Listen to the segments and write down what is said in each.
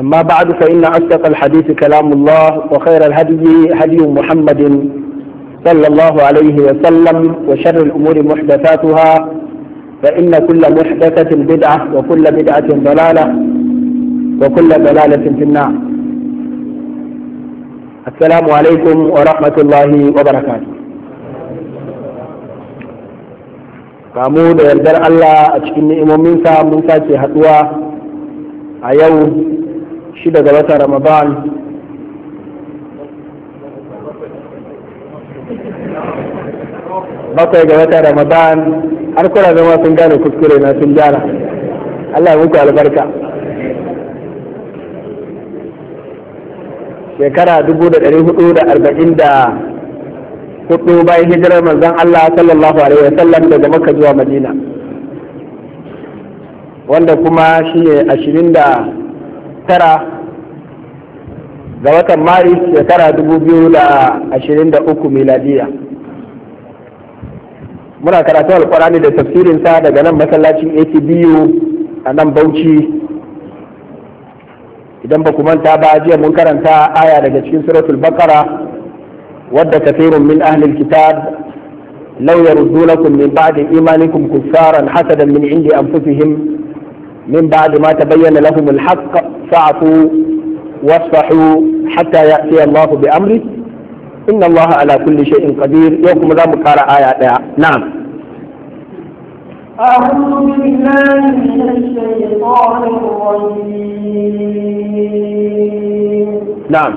أما بعد فإن أصدق الحديث كلام الله وخير الهدي هدي محمد صلى الله عليه وسلم وشر الأمور محدثاتها فإن كل محدثة بدعة وكل بدعة ضلالة وكل ضلالة في النار السلام عليكم ورحمة الله وبركاته kamu da yardar Allah a cikin ni'imominsa mun sake haduwa a yau shida ga wata ramadan bakwai ga wata ramadan har kura zama sun gane kuskure na sun gyara allah muku albarka shekara dubu da dari hudu da arba'in da hudu bayan hijirar manzon allah sallallahu alaihi wasallam daga maka zuwa madina wanda kuma shi ne ashirin da tara ga watan maris shekara dubu biyu da ashirin da uku miladiya muna karatu alkurani da tafsirinsa daga nan masallacin atbu a nan bauchi idan ba ku manta ba jiya mun karanta aya daga cikin suratul bakara wadda kafirun min ahlil kitab law yarudunakum min ba'di imanikum kuffaran hasadan min indi anfusihim من بعد ما تبين لهم الحق فاعفوا واصفحوا حتى يأتي الله بأمره إن الله على كل شيء قدير يوكم ذا مكار آية نعم أعوذ بالله من الشيطان الرجيم نعم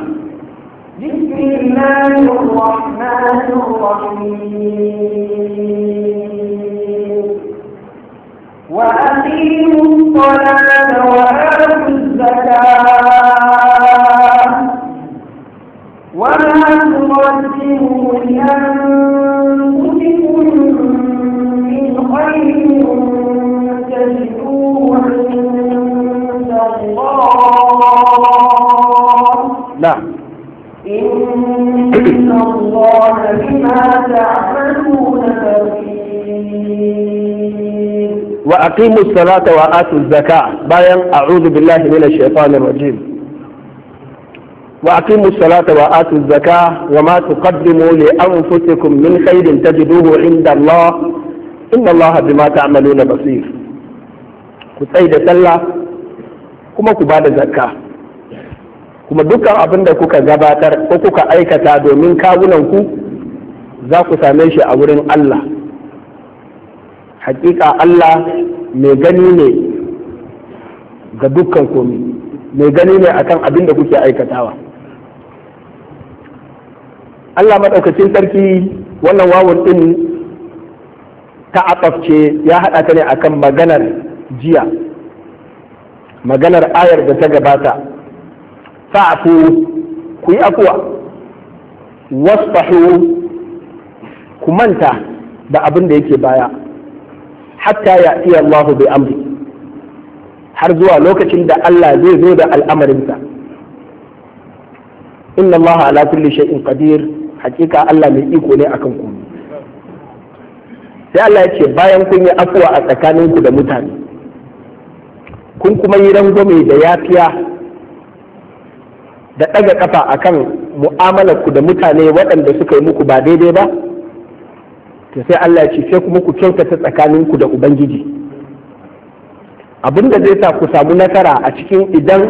بسم الله الرحمن الرحيم وأقيموا الصلاة وآتوا الزكاة وما تقدموا لأنفسكم من خير تجدوه عند الله نعم إن الله بما تعملون بصير wa aqimu salata wa atu zaka bayan a'udhu billahi minash shaitanir rajim وأقيموا الصلاة وآتوا الزكاة وما تقدموا لأنفسكم من خير تجدوه عند الله إن الله بما تعملون بصير كتاي sallah kuma ku ba da kuma dukkan abin da kuka gabatar ko kuka aikata domin kawunanku za ku same shi a wurin Allah hakika Allah mai gani ne ga dukkan komi mai gani ne akan abin da kuke aikatawa Allah maɗaukacin sarki wannan wawon ɗin ta aɓafce ya haɗa ta ne akan maganar jiya maganar ayar da ta gabata fa'afu ku yi afuwa wasfahu ku manta da abin da yake baya hatta ya iya Allahu bi amri har zuwa lokacin da Allah zai zo da al'amarin sa, inna Allah ala kulli shay'in qadir hakika Allah mai iko ne akan ku sai Allah ya bayan kun yi afuwa a tsakaninku da mutane kun kuma yi rangwame da yafiya da ɗaga ƙafa akan mu'amalarku da mutane waɗanda suka yi muku ba daidai ba to sai Allah ya ce sai kuma ku kyautata tsakaninku da ubangiji abinda da zai sa ku samu nasara a cikin idan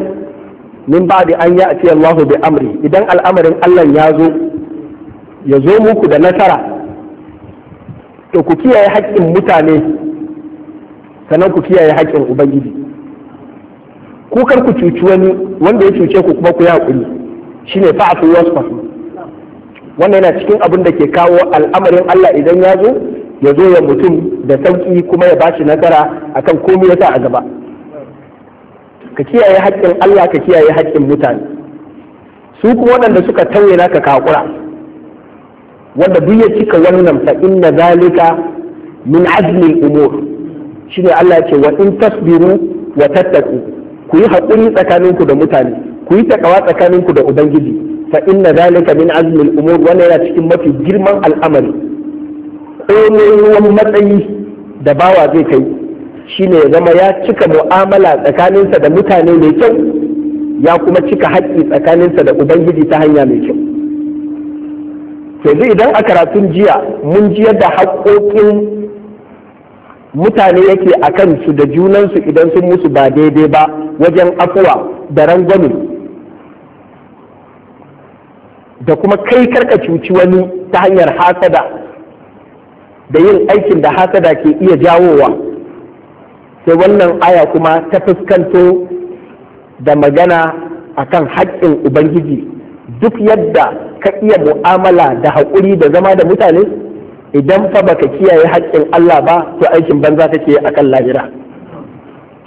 min ba da an ya ce Allahu bi amri idan al'amarin Allah ya zo ya zo muku da nasara to ku kiyaye haƙƙin mutane sannan ku kiyaye haƙƙin ubangiji ku kar ku cuci wani wanda ya cuce ku kuma ku yi haƙuri shine fa'fu wasfahu wannan yana cikin abin da ke kawo al'amarin Allah idan ya zo ya zo ya mutum da sauki kuma ya bashi nasara akan komai ya sa a gaba ka kiyaye haƙƙin Allah ka kiyaye haƙƙin mutane su kuma waɗanda suka tauye naka kakura wanda duk ya cika wannan fa inna zalika min azmi umur shine Allah ce wa in tasbiru wa tattaku ku yi haƙuri tsakaninku da mutane ku yi takawa tsakaninku da ubangiji fa inna zalika min azmi al-umur wa yana cikin mafi girman al'amari komai ruwan matsayi da bawa zai kai shine ya zama ya cika mu'amala tsakaninsa da mutane mai kyau ya kuma cika haƙƙi tsakaninsa da ubangiji ta hanya mai kyau yanzu idan a karatun jiya mun ji yadda haƙoƙin mutane yake a su da junansu idan sun musu ba daidai ba wajen afuwa da rangwame da kuma kai karka cuci wani ta hanyar hasada da yin aikin da hasada ke iya jawowa sai wannan aya kuma ta fuskanto da magana akan haƙƙin ubangiji duk yadda ka iya mu'amala da haƙuri da zama da mutane idan fa baka kiyaye haƙƙin Allah ba to aikin banza kake kan lahira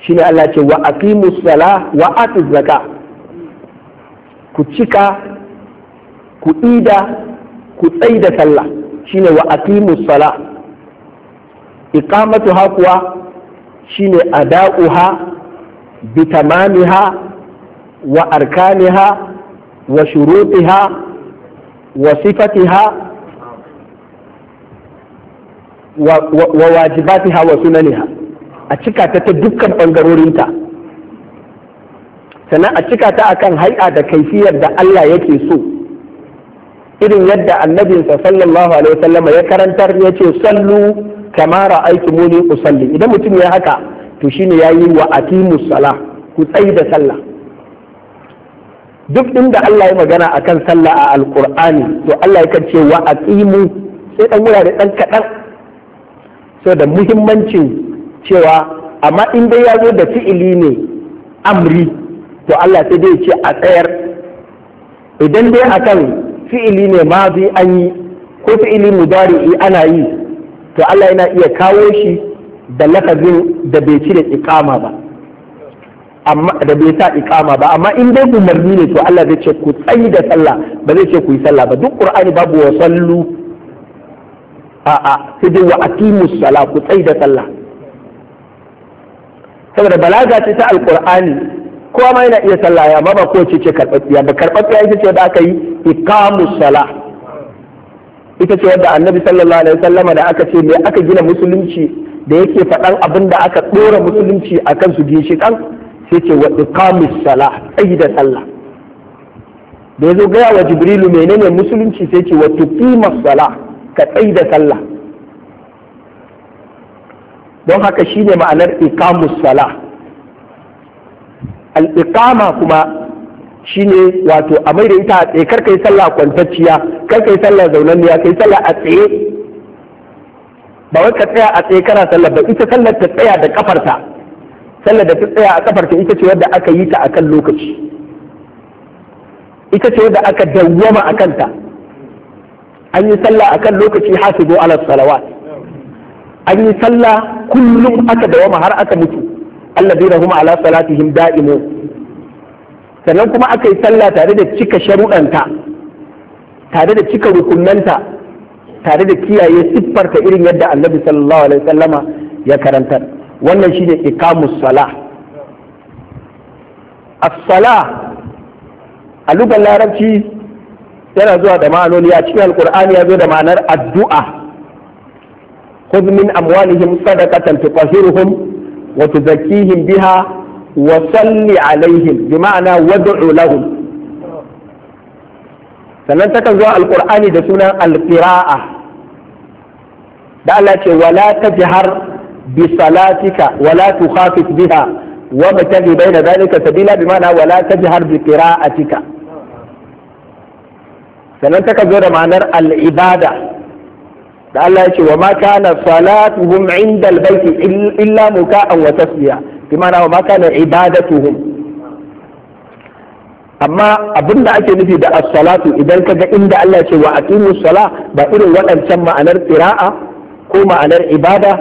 shine Allah ce wa aqimus sala wa atuz zaka ku cika ku ida ku tsai da sallah shine wa aqimus sala ha kuwa shine ada'uha bi tamamiha wa arkaniha wa shurutiha wa sifatiha wajibatiha wa sunaniha a cika ta ta dukkan bangarorinta sannan a cika ta akan hai'a da kaifiyar da Allah yake so irin yadda annabinsa sallallahu alaihi wasallam ya karantar ya ce sallu kama ra'aytumuni usalli idan mutum ya haka to shine yayi wa aqimus sala ku tsayi da sallah duk inda Allah ya magana akan sallah a alqur'ani to Allah ya ce wa aqimu sai dan wurare dan kadan so da muhimmancin cewa amma in dai ya zo da fi'ili ne amri to Allah sai dai ya ce a tsayar idan dai akan fi'ili ne zai an yi ko fi'ili mudari'i ana yi to Allah yana iya kawo shi da lafazin da bai cire iqama ba amma da bai sa iqama ba amma in dai umarni ne to Allah zai ce ku tsayi da sallah ba zai ce ku yi sallah ba duk qur'ani babu wa sallu a a sai dai wa aqimus sala ku tsayi da sallah saboda balaga ce ta alqur'ani kowa ma yana iya sallah ya ba ko ce ce karɓaɓɓiya ba karɓaɓɓiya ita ce da aka yi ikamus sala ita ce wadda annabi sallallahu alaihi wasallama da aka ce me aka gina musulunci da yake faɗan abin da aka ɗora musulunci a kan su kan sai ce wa ikamus sala tsayi da sallah da yazo gaya wa jibrilu menene musulunci sai ce wa tuqimus sala ka tsayi da sallah don haka shine ma'anar iqamus sala al’iƙama kuma shi ne wato a mai da ita a tsaye kar yi sallah kwantacciya kar yi sallah zaunanniya kai sallah a tsaye ba wai ka tsaya a tsaye kana sallah ba ita sallar ta tsaya da kafarta sallar da ta tsaya a kafarta ita ce wadda aka yi ta akan lokaci ita ce wadda aka dawwama a kanta an yi sallah akan lokaci hasibu ala salawat an yi sallah kullum aka dawwama har aka mutu alladina hum ala salatihim da'imu sannan kuma aka yi sallah tare da cika sharuɗanta tare da cika rukunanta tare da kiyaye siffarta irin yadda annabi sallallahu alaihi ya karantar wannan shine iqamus salah as-salah a lugar larabci yana zuwa da ma'anoni a cikin alkur'ani ya zo da ma'anar addu'a khudh min amwalihim sadaqatan tutahhiruhum wa tuzakkihim biha wa salli alaihim bi ma'ana wad'u lahum sannan takan zuwa da sunan alqira'a da Allah ce wala tajhar bi salatika wala tukhafif biha wa mutabi baina dhalika sabila bi ma'ana wala bi qira'atika sannan takan zo da ma'anar al-ibada da Allah ya ce wa ma kana salatuhum inda albayti illa muka'an wa tasbiya. bi ma'ana wa ma kana ibadatuhum amma abin da ake nufi da as-salatu idan kaga inda Allah ya ce wa aqimus sala ba irin waɗancan ma'anar qira'a ko ma'anar ibada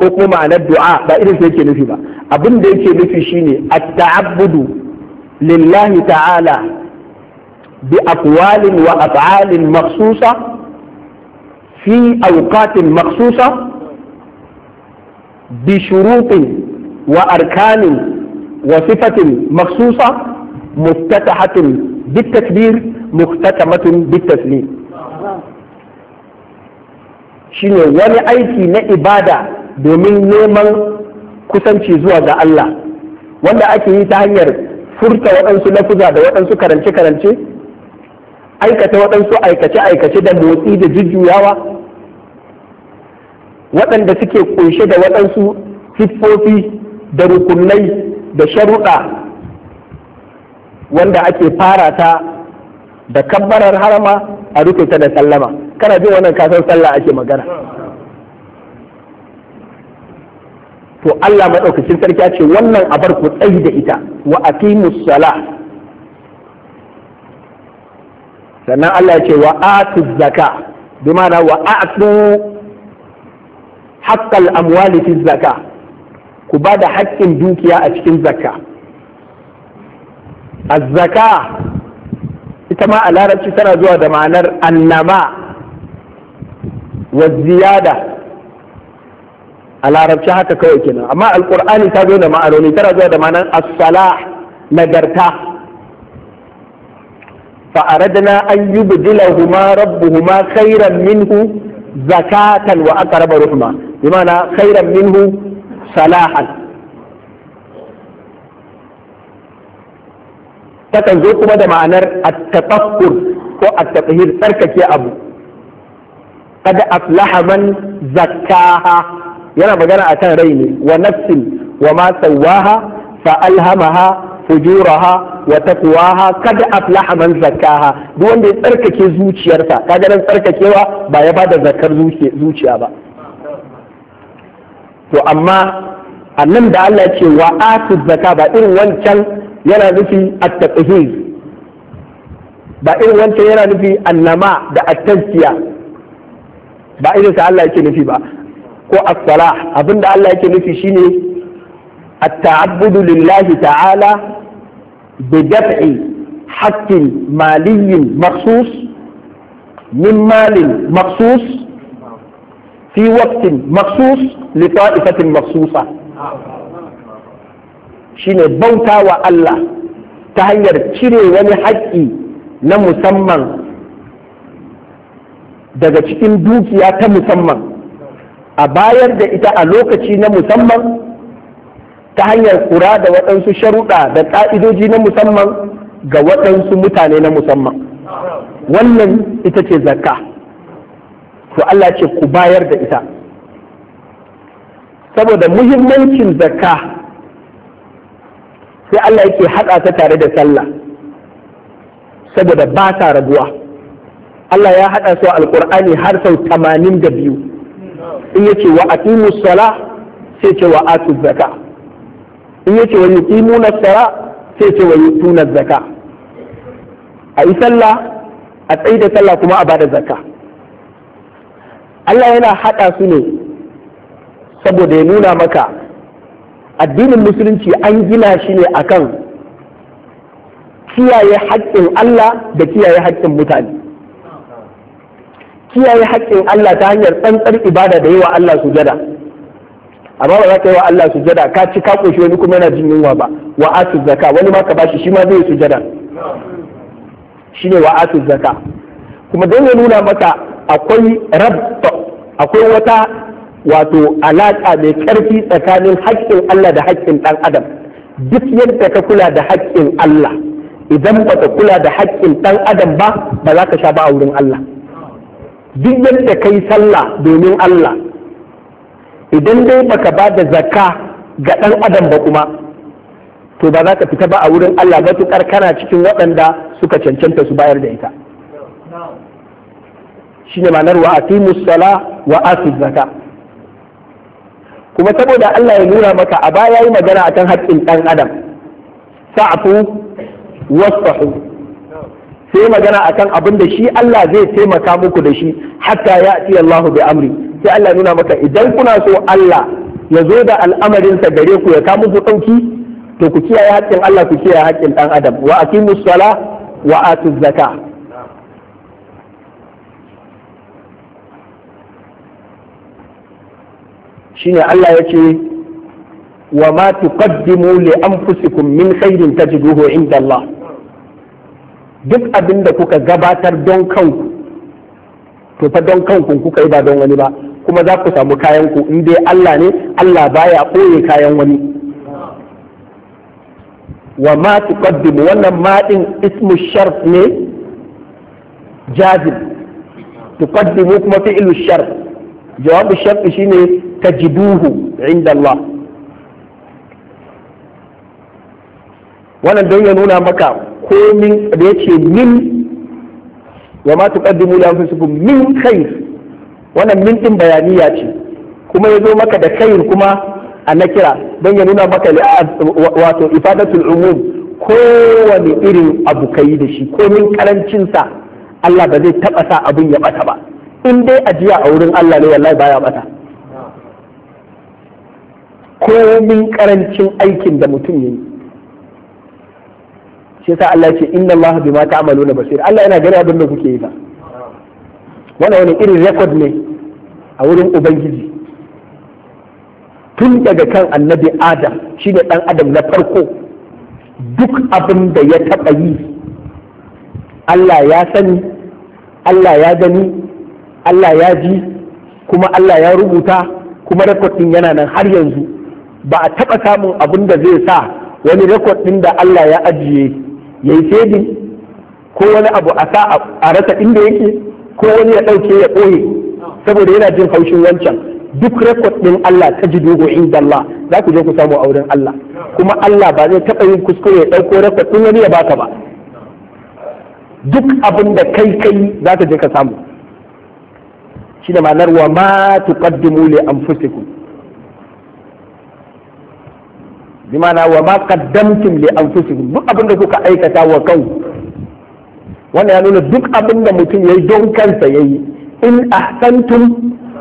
ko kuma ma'anar du'a ba irin sai yake nufi ba abin da yake nufi shine at-ta'abbudu lillahi ta'ala bi aqwalin wa af'alin makhsusa في أوقات مخصوصة بشروط وأركان وصفة مخصوصة مفتتحة بالتكبير مختتمة بالتسليم shine wani aiki na ibada domin neman kusanci zuwa ga Allah wanda ake yi ta hanyar furta waɗansu lafuza da waɗansu karance-karance aikata waɗansu aikace-aikace da motsi da jujjuyawa waɗanda suke ƙunshe da waɗansu siffofi da rukunai da sharuɗa wanda ake fara ta da kabbarar harama a rufe ta da sallama kana jin wannan kasan sallah ake magana to Allah maɗaukacin sarki ya ce wannan abar ku tsayi da ita wa aqimus sala sannan Allah ya ce wa atuz zaka bi ma'ana wa atu haqqal amwali fi zakka ku ba da haƙƙin dukiya a cikin zakka azzaka ita ma a larabci tana zuwa da ma'anar annama wa ziyada a larabci haka kawai kenan amma alqur'ani ta zo da ma'anoni tana zuwa da ma'anar as-salah nagarta فأردنا أن يبدلهما ربهما خيرا منه زكاة وأقرب رحما bimana khairan minhu salahan takan zo kuma da ma'anar at-tafakkur ko at-tahir tsarkake abu kada aflaha zakkaha yana magana a kan raini. wa nafsin wa ma sawaha fa alhamaha fujuraha wa kada aflaha zakkaha duk wanda ya tsarkake zuciyarsa kaga nan tsarkakewa ba ya bada zakar zuciya ba to amma annan da Allah ya ce wa atu zakka ba irin wancan yana nufi at-taqhiz ba irin wancan yana nufi annama da at-tazkiya ba irin sa Allah yake nufi ba ko as-salah abinda Allah yake nufi shine at-ta'abbudu lillahi ta'ala bi daf'i haqqin maliyyin makhsus min malin makhsus في وقت maksus لطائفة مخصوصة شين shine bauta wa Allah ta hanyar cire wani haƙƙi na daga cikin dukiya ta musamman a bayar da ita a lokaci na musamman ta hanyar kura da waɗansu sharuɗa da ƙa'idoji na musamman ga waɗansu mutane na musamman wannan ita ce zakka to Allah ce ku bayar da ita saboda muhimmancin zakka sai Allah yake haɗa ta tare da sallah saboda ba ta rabuwa. Allah ya haɗa su alƙur'ani har sau tamanin da biyu in yace wa aqimu sala sai ce wa atu zaka in yace wa yuqimuna sala sai ce wa yutuna zaka a yi sallah a da sallah kuma a bada zakka Allah yana haɗa su ne saboda ya nuna maka addinin musulunci an gina shi ne akan kiyaye haƙƙin Allah da kiyaye haƙƙin mutane kiyaye haƙƙin Allah ta hanyar tsantsar ibada da yi wa Allah sujada amma ba za ka yi wa Allah sujada ka ci ka koshi wani kuma yana jin yunwa ba wa asu zaka wani ma ka bashi shi ma zai sujada ne wa asu zaka kuma don ya nuna maka akwai rabta akwai wata wato alaƙa mai ƙarfi tsakanin haƙƙin Allah da haƙƙin ɗan adam duk yadda ka kula da haƙƙin Allah idan ba ka kula da haƙƙin ɗan adam ba ba za ka sha ba a wurin Allah duk yadda ka yi sallah domin Allah idan dai ba ka ba da zakka ga ɗan adam ba kuma to ba za ka fita ba a wurin Allah tukar kana cikin waɗanda suka cancanta su bayar da ita shine ma'anar wa aqimus sala wa atuz zaka kuma saboda Allah ya nuna maka a baya yi magana akan haƙƙin ɗan adam sa'fu wasfahu sai magana akan abin da shi Allah zai taimaka muku da shi hatta ya ati Allahu bi amri sai Allah nuna maka idan kuna so Allah ya zo da al'amarinsa gare ku ya kawo muku ɗauki to ku kiyaye haƙƙin Allah ku kiyaye haƙƙin ɗan adam wa aqimus sala wa atuz zaka shine Allah ya ce wa ma tuqaddimu li anfusikum min khairin tajiduhu inda Allah duk abin da kuka gabatar don kanku to fa don kanku kuka yi ba don wani ba kuma za ku samu kayan ku in dai Allah ne Allah baya ɓoye kayan wani wa ma tuqaddimu wannan ma din ismu sharf ne jazib tuqaddimu kuma fi'lu sharf jawabu shafi shine tajiduhu inda Allah wannan don ya nuna maka komin da yace min wa ma tuqaddimu li anfusikum min khair wannan min din bayaniya ce kuma ya zo maka da kair kuma a nakira don ya nuna maka wato ifadatul umum kowane irin abu kai da shi komin karancinsa Allah ba zai taɓa sa abin ya ɓata ba in dai ajiya a wurin Allah ne wallahi baya bata komin karancin aikin da mutum yayi shi yasa Allah ce inna Allah bima ta'maluna basir Allah yana gani abin da kuke yi fa wannan wani irin record ne a wurin ubangiji tun daga kan annabi adam shi ne ɗan adam na farko duk abin da ya taɓa yi Allah ya sani Allah ya gani Allah ya ji kuma Allah ya rubuta kuma rekodin yana nan har yanzu ba a taɓa samun abin da zai sa wani rekodin da Allah ya ajiye ya yi sedin ko wani abu a sa a rasa inda yake ko wani ya ɗauke ya ɓoye saboda yana jin haushin wancan duk rekodin Allah ta ji dogo inda Allah za ku je ku samu auren Allah kuma Allah ba zai taɓa yin kuskure ya ɗauko rekodin wani ya baka ba duk abin da kai kai za ka je ka samu shi da ma'anar wa ma tuqaddimu li anfusikum bi ma'ana wa ma qaddamtum li anfusikum duk abin da kuka aikata wa kan wannan ya nuna duk abin da mutum yayi don kansa yayi in ahsantum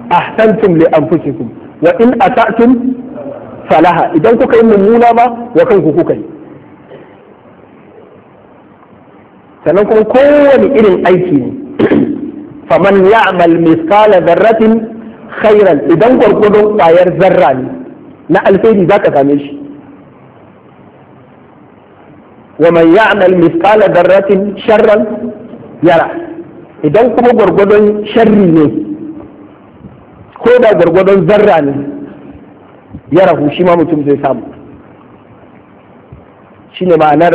ahsantum li anfusikum wa in atatum falaha idan kuka yi mummuna ma wa kanku kuka yi sannan kuma kowane irin aiki ne فمن يعمل مثقال ذرة خيرا إذا قرقلوا طاير ذرة لا ألفين ذاك فمش ومن يعمل مثقال ذرة شرا يرى إذا قم قرقلوا شر هو ذا قرقلوا ذرة يرى هو شما متمزي سام شنو معنى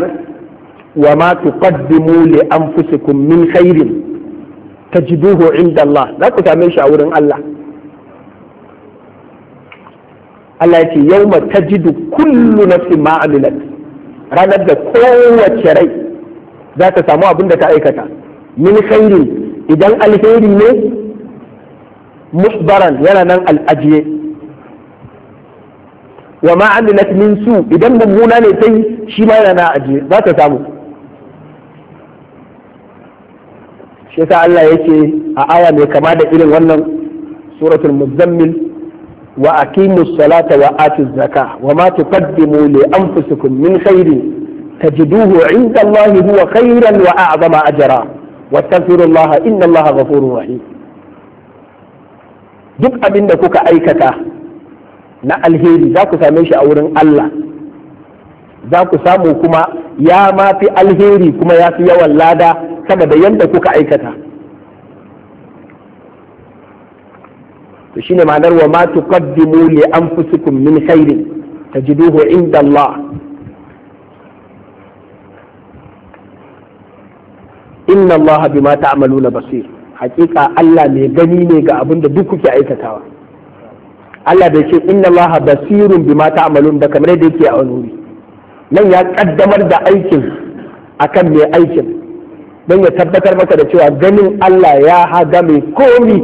وما تقدموا لأنفسكم من خير tajiduhu inda Allah za ku same shi a wurin Allah Allah ce yawma tajidu kullu nafsin ma amilat ranar da kowace rai za ta samu abin da ta aikata min khairin idan alheri ne musbaran yana nan al'ajiye wa ma min su idan mummuna ne sai shi ma yana na ajiye za ta samu shi Allah Allah yake a aya mai kama da irin wannan suratul muzammil wa aqimus salata wa atuz zaka wa ma tuqaddimu li anfusikum min khairin tajiduhu 'inda Allah huwa khairan wa a'zama ajra wastaghfiru Allah inna Allah ghafurur rahim duk abin da kuka aikata na alheri za ku same shi a wurin Allah za ku samu kuma ya mafi alheri kuma ya fi yawan lada saboda yadda kuka aikata to shine ma'anar wa ma tuqaddimu li anfusikum min khairin tajiduhu inda Allah inna Allah bima ta'maluna basir hakika Allah mai gani ne ga abin da duk kuke aikatawa Allah bai ce inna Allah basirun bima ta'malun da kamar da yake a wani nan ya kaddamar da aikin akan mai aikin don ya tabbatar maka da cewa ganin Allah ya haga mai komi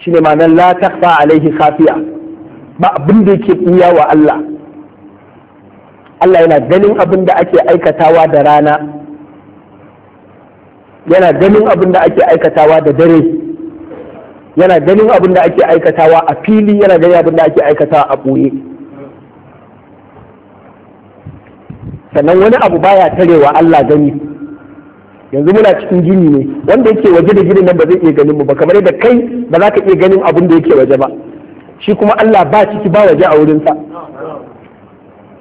shi ne ma'anar la taqfa alaihi kafiya ba abin da yake ɓuya wa Allah Allah yana ganin abin da ake aikatawa da rana yana ganin abin da ake aikatawa da dare yana ganin abin da ake aikatawa a fili yana ganin abin da ake aikatawa a ɓoye. sannan wani abu baya tarewa Allah gani yanzu muna cikin gini ne wanda yake waje da gini nan ba zai iya ganin mu ba kamar yadda kai ba za ka iya ganin abin da yake waje ba shi kuma Allah ba ciki ba waje a wurinsa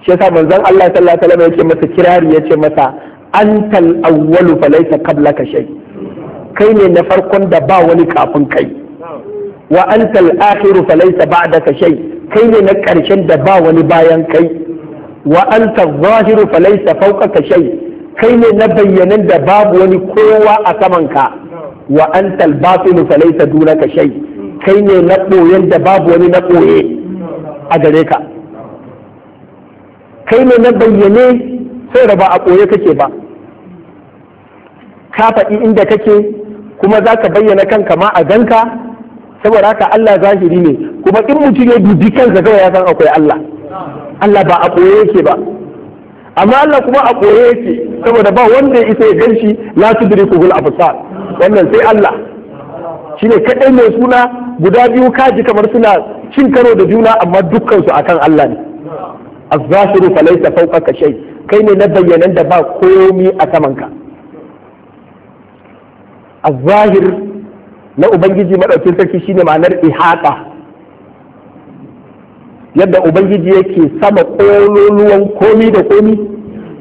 shi yasa manzon Allah sallallahu alaihi wasallam yake masa kirari yace masa antal awwalu falaysa qablaka shay kai ne na farkon da ba wani kafin kai wa antal akhiru falaysa ba'daka shay kai ne na karshen da ba wani bayan kai wa anta zahiru falaysa fawqaka shay kai ne na bayyanan da babu wani kowa a samanka wa anta al-batinu falaysa dunaka shay kai ne na ɓoyen da babu wani na ɓoye a gare ka kai ne na bayyane sai da ba a ɓoye kake ba ka faɗi inda kake kuma za ka bayyana kanka ma a ganka saboda haka Allah zahiri ne kuma in mutum ya dubi kansa kawai ya san akwai Allah Allah ba a koye yake ba amma Allah kuma a koye yake saboda ba wanda ya isa ya ganshi la tudrikuhul absar wannan sai Allah shine kadai mai suna guda biyu kaji kamar suna cin karo da juna amma dukkan su akan Allah ne az-zahiru falaysa fawqaka shay kai ne na bayyanan da ba komi a samanka az-zahir na ubangiji madaukin sarki shine ma'anar ihata yadda ubangiji yake sama kololuwan komi da komi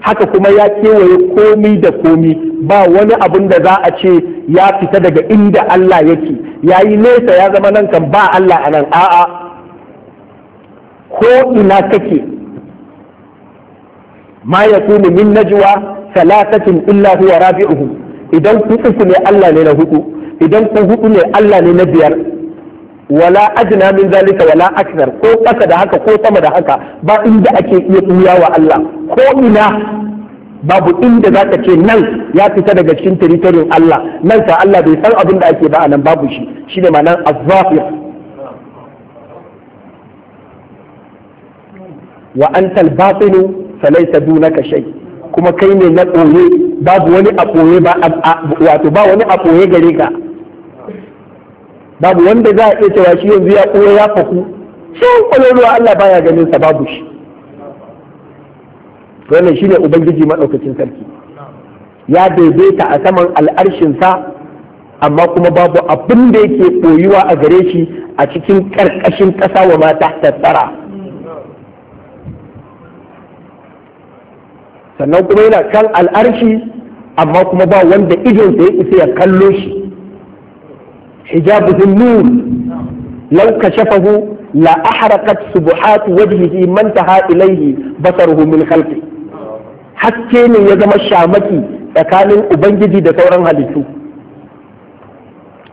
haka kuma ya kewaye komi da komi ba wani abun da za a ce ya fita daga inda Allah yake ya yi nesa ya zama nan kan ba Allah a nan a'a ko ina kake ma ya kuni min najwa salatatin illa huwa rabi'uhu idan ku uku ne Allah ne na hudu idan ku hudu ne Allah ne na biyar wala ajna min zalika wala akthar ko kasa da haka ko sama da haka ba inda ake iya tsuya wa Allah ko ina babu inda za ka ce nan ya fita daga cikin teritoriyin Allah nan fa Allah bai san abin da ake ba a nan babu shi shi ne ma'anar azzafir wa antal batinu falaysa dunaka shay kuma kai ne na koye babu wani a koye ba wato ba wani a koye gare ka babu wanda za a iya cewa shi yanzu ya koya ya faku sai kwalolwa Allah baya ganin sa babu shi wannan shine ubangiji maɗaukacin sarki ya daidaita a saman al'arshinsa amma kuma babu abin da yake koyuwa a gare shi a cikin ƙarƙashin ƙasa wa mata tattara sannan kuma yana kan al'arshi amma kuma ba wanda idonsa ya isa ya kallo shi hijabu zunnun لو كشفه لأحرقت سبحات وجهه من انتهى إليه بصره من خلقه haske ne ya zama shamaki tsakanin ubangiji da sauran halittu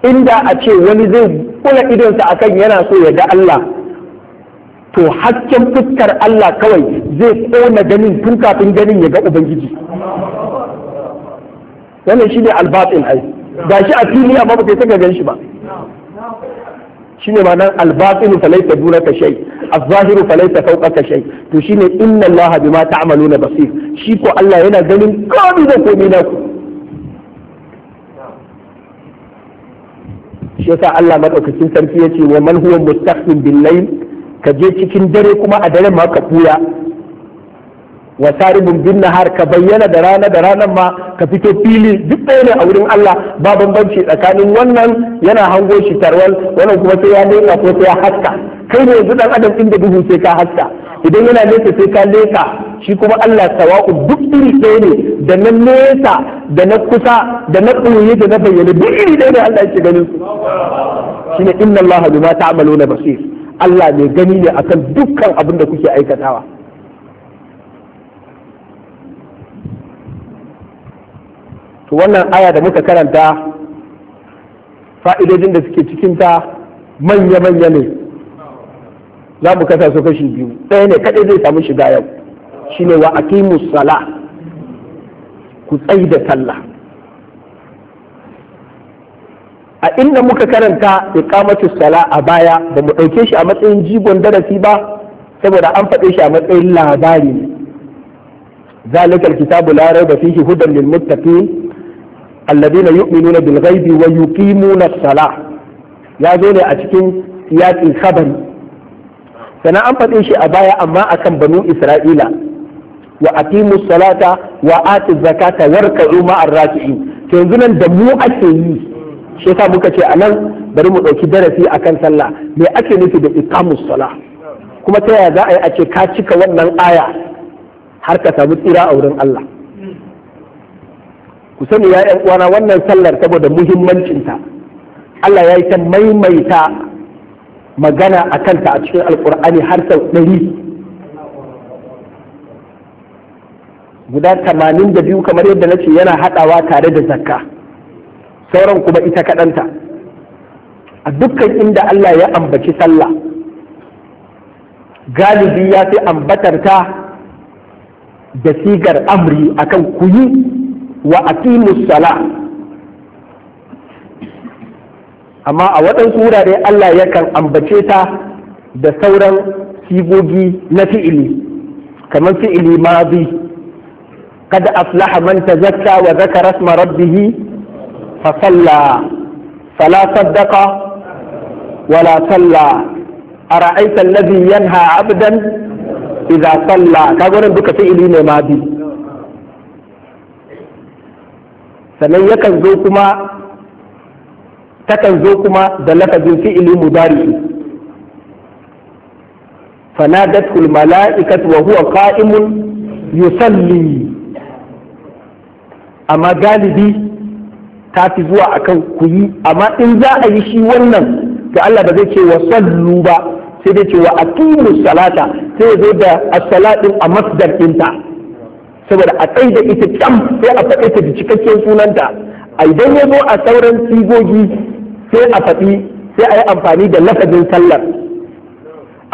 inda a ce wani zai kula idonsa akan yana so ya ga Allah to hasken fuskar Allah kawai zai kona ganin tun kafin ganin ya ga ubangiji wannan shi ne albatin aiki. Ga shi a fili amma ba kai ta gan shi ba shine ma nan al ta ka shai, shay az-zahiru falaysa fawqaka shai. to shine inna allaha bima ta'maluna basir shi ko Allah yana ganin komai da komai na ku shi yasa Allah madaukakin sarki yace wa man huwa billai bil ka je cikin dare kuma a dare ma ka kuya wa saribun bin nahar ka bayyana da rana da ranar ma ka fito fili duk ɗaya ne a wurin Allah ba bambanci tsakanin wannan yana hango shi tarwal wannan kuma sai ya leka ko sai ya haska kai ne yanzu dan adam inda duhu sai ka haska idan yana nesa sai ka leka shi kuma Allah tawaku duk iri ɗaya ne da na nesa da na kusa da na ɓoye da na bayyana duk iri ɗaya ne Allah yake ganin su shine inna Allah bima ta'maluna basir Allah mai gani ne akan dukkan abin da kuke aikatawa to wannan aya da muka karanta fa'idodin da suke cikinta manya-manya ne za mu kasa su kashi biyu ɗaya ne kaɗai zai samu shiga yau ne wa aqimus sala ku tsayi da sallah a inda muka karanta iqamatu sala a baya ba mu ɗauke shi a matsayin jigon darasi ba saboda an faɗe shi a matsayin labari ne zalikal kitabu la raiba fihi hudan lil muttaqin alladina yu'minuna bil ghaibi wa yuqimuna salah ya zo ne a cikin yaƙin khabari sannan an shi a baya amma akan banu isra'ila wa aqimu salata wa atu zakata warka ma'ar raki'in to yanzu nan da mu ake yi shi yasa muka ce anan bari mu ɗauki darasi akan sallah me ake nufi da iqamus salah kuma ta yaya za a yi a ce ka cika wannan aya har ka samu tsira a wurin Allah ku sani ya yan uwana wannan sallar saboda muhimmancinta Allah ya yi ta maimaita magana a kanta a cikin alkur'ani har sau ɗari guda tamanin da biyu kamar yadda na ce yana haɗawa tare da zakka sauran kuma ita kaɗanta a dukkan inda Allah ya ambaci sallah galibi ya fi ambatarta da sigar amri akan kuyi wa aqimus sala amma a waɗansu wurare Allah yakan ambace ta da sauran sigogi na fi'ili kamar fi'ili madi kad aflaha man tazakka wa zakara isma rabbih fa salla fala saddaqa wala salla ara'aita alladhi yanha 'abdan idza salla kaga wannan duka fi'ili ne bi. sannan yakan zo kuma takan zo kuma da lafazin fi'ili mudari fanadatu almala'ikatu wa huwa kaimun yusalli amma galibi ta fi zuwa akan ku yi amma in za a yi shi wannan to Allah ba zai ce wa sallu ba sai dai ce wa aqimus salata sai zo da a salatin a masdar ɗinta. saboda a tsaye da ita can sai a faɗe ta da cikakken sunanta a idan ya zo a sauran sigogi sai a faɗi sai a yi amfani da lafazin sallar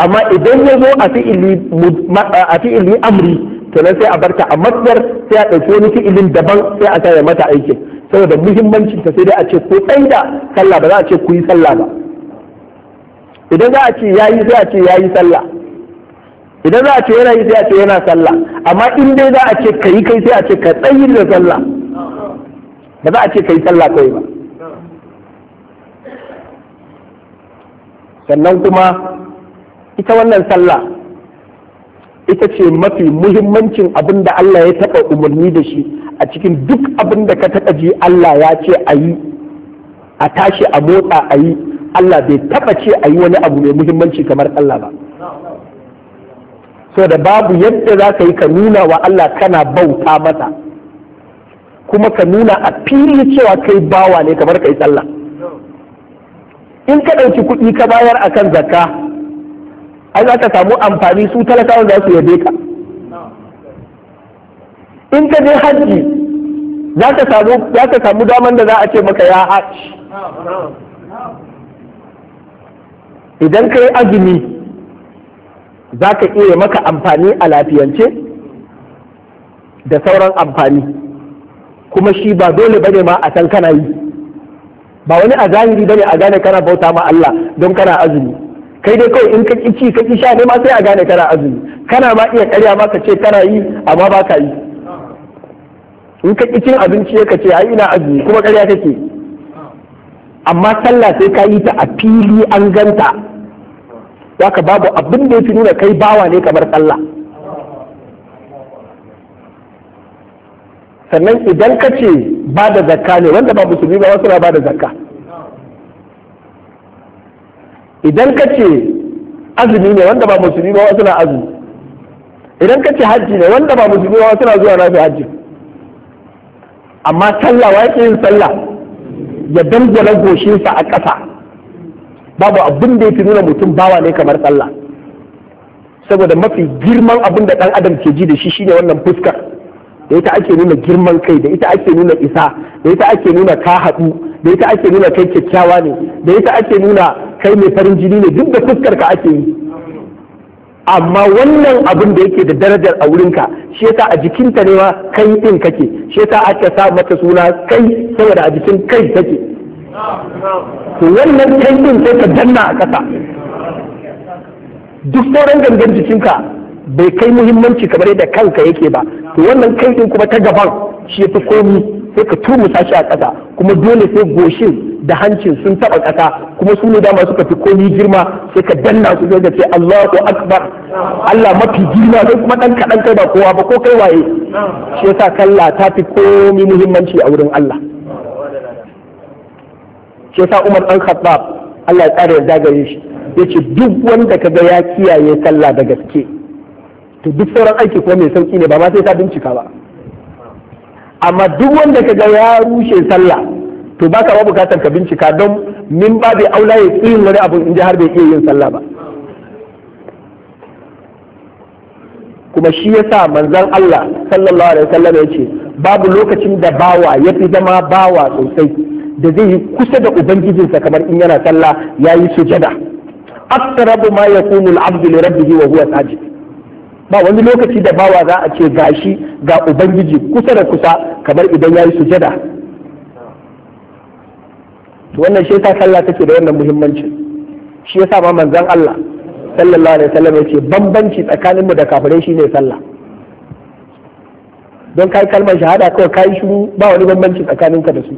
amma idan ya zo a fi'ili amri to nan sai a barta a matsar sai a ɗauki wani fi'ilin daban sai a kare mata aiki, saboda muhimmancin ta sai dai a ce ko tsaye da sallah ba za a ce ku yi sallah ba idan za a ce yayi sai a ce yayi sallah idan za a ce yana yi sai a ce yana sallah amma in dai za a ce ka yi kai sai a ce ka tsayi da sallah ba za a ce ka yi sallah kawai ba sannan kuma ita wannan sallah ita ce mafi muhimmancin abin da Allah ya taɓa umarni da shi a cikin duk abin da ka taɓa ji Allah ya ce a yi a tashi a motsa a yi Allah bai taɓa ce a yi wani abu mai muhimmanci kamar sallah ba. to da babu yadda za ka yi ka nuna wa Allah kana bauta masa kuma ka nuna a fili cewa kai bawa ne kamar ka yi sallah in ka ɗauki kuɗi ka bayar akan zaka ai za ka samu amfani su talakawan za su yabe ka in ka je hajji za ka samu za daman da za a ce maka ya hajji idan ka yi azumi za ka iya maka amfani a lafiyance da sauran amfani kuma shi ba dole bane ma a san kana yi ba wani a zahiri bane a gane kana bauta ma Allah don kana azumi kai dai kawai in ka ci ka sha ne ma sai a gane kana azumi kana ma iya karya ma ka ce kana yi amma ba ka yi in ka cin abinci ka ce ai ina azumi kuma karya kake amma sallah sai ka yi ta a fili an ganta haka babu abin da ya fi nuna kai bawa ne kamar Allah sannan idan ka ce ba da zakka ne wanda ba musulmi ba wasu na ba da zakka idan ka ce azumi ne wanda ba musulmi ba wasu na azumi idan ka ce hajji ne wanda ba musulmi ba wasu na zuwa nafi hajji amma sallah wa yake yin sallah ya dangana goshinsa a ƙasa babu abin da fi nuna mutum bawa ne kamar sallah saboda mafi girman abin da dan adam ke ji da shi shine wannan fuskar da ita ake nuna girman kai da ita ake nuna isa da ita ake nuna ka haɗu da ita ake nuna kai kyakkyawa ne da ita ake nuna kai mai farin jini ne duk da fuskar ka ake yi amma wannan abin da yake da darajar a wurinka shi yasa a jikinta ne ma kai din kake shi yasa aka sa mata suna kai saboda a jikin kai take to wannan tankin sai ka danna a ƙasa duk sauran gangan jikinka bai kai muhimmanci kamar yadda kanka yake ba to wannan kai din kuma ta gaban shi ya fi komi sai ka turmusa sashi a ƙasa kuma dole sai goshin da hancin sun taɓa ƙasa kuma su ne dama suka fi komi girma sai ka danna su zai ce Allahu akbar Allah mafi girma sai kuma ɗan kaɗan kai ba kowa ba ko kai waye shi yasa kalla ta fi komi muhimmanci a wurin Allah shi yasa Umar an Khattab Allah ya tsara yarda gare shi yace duk wanda kaga ya kiyaye sallah da gaske to duk sauran aiki kuma mai sauki ne ba ma sai ta bincika ba amma duk wanda kaga ya rushe sallah to baka ba bukatar ka bincika don min ba bai aula ya tsirin wani abu in har bai iya yin sallah ba kuma shi ya sa manzon Allah sallallahu alaihi wasallam ya ce babu lokacin da bawa ya fi zama bawa sosai da zai yi kusa da ubangijinsa kamar in yana sallah ya yi sujada aqrabu ma yakunu al-abdu li rabbihi wa huwa sajid ba wani lokaci da bawa za a ce gashi ga ubangiji kusa da kusa kamar idan ya yi sujada to wannan shi ta sallah take da wannan muhimmanci shi yasa ma manzon Allah sallallahu alaihi wasallam yace bambanci tsakaninmu da kafirai shine sallah don kai kalmar shahada kawai kai shiru ba wani bambanci tsakaninka da su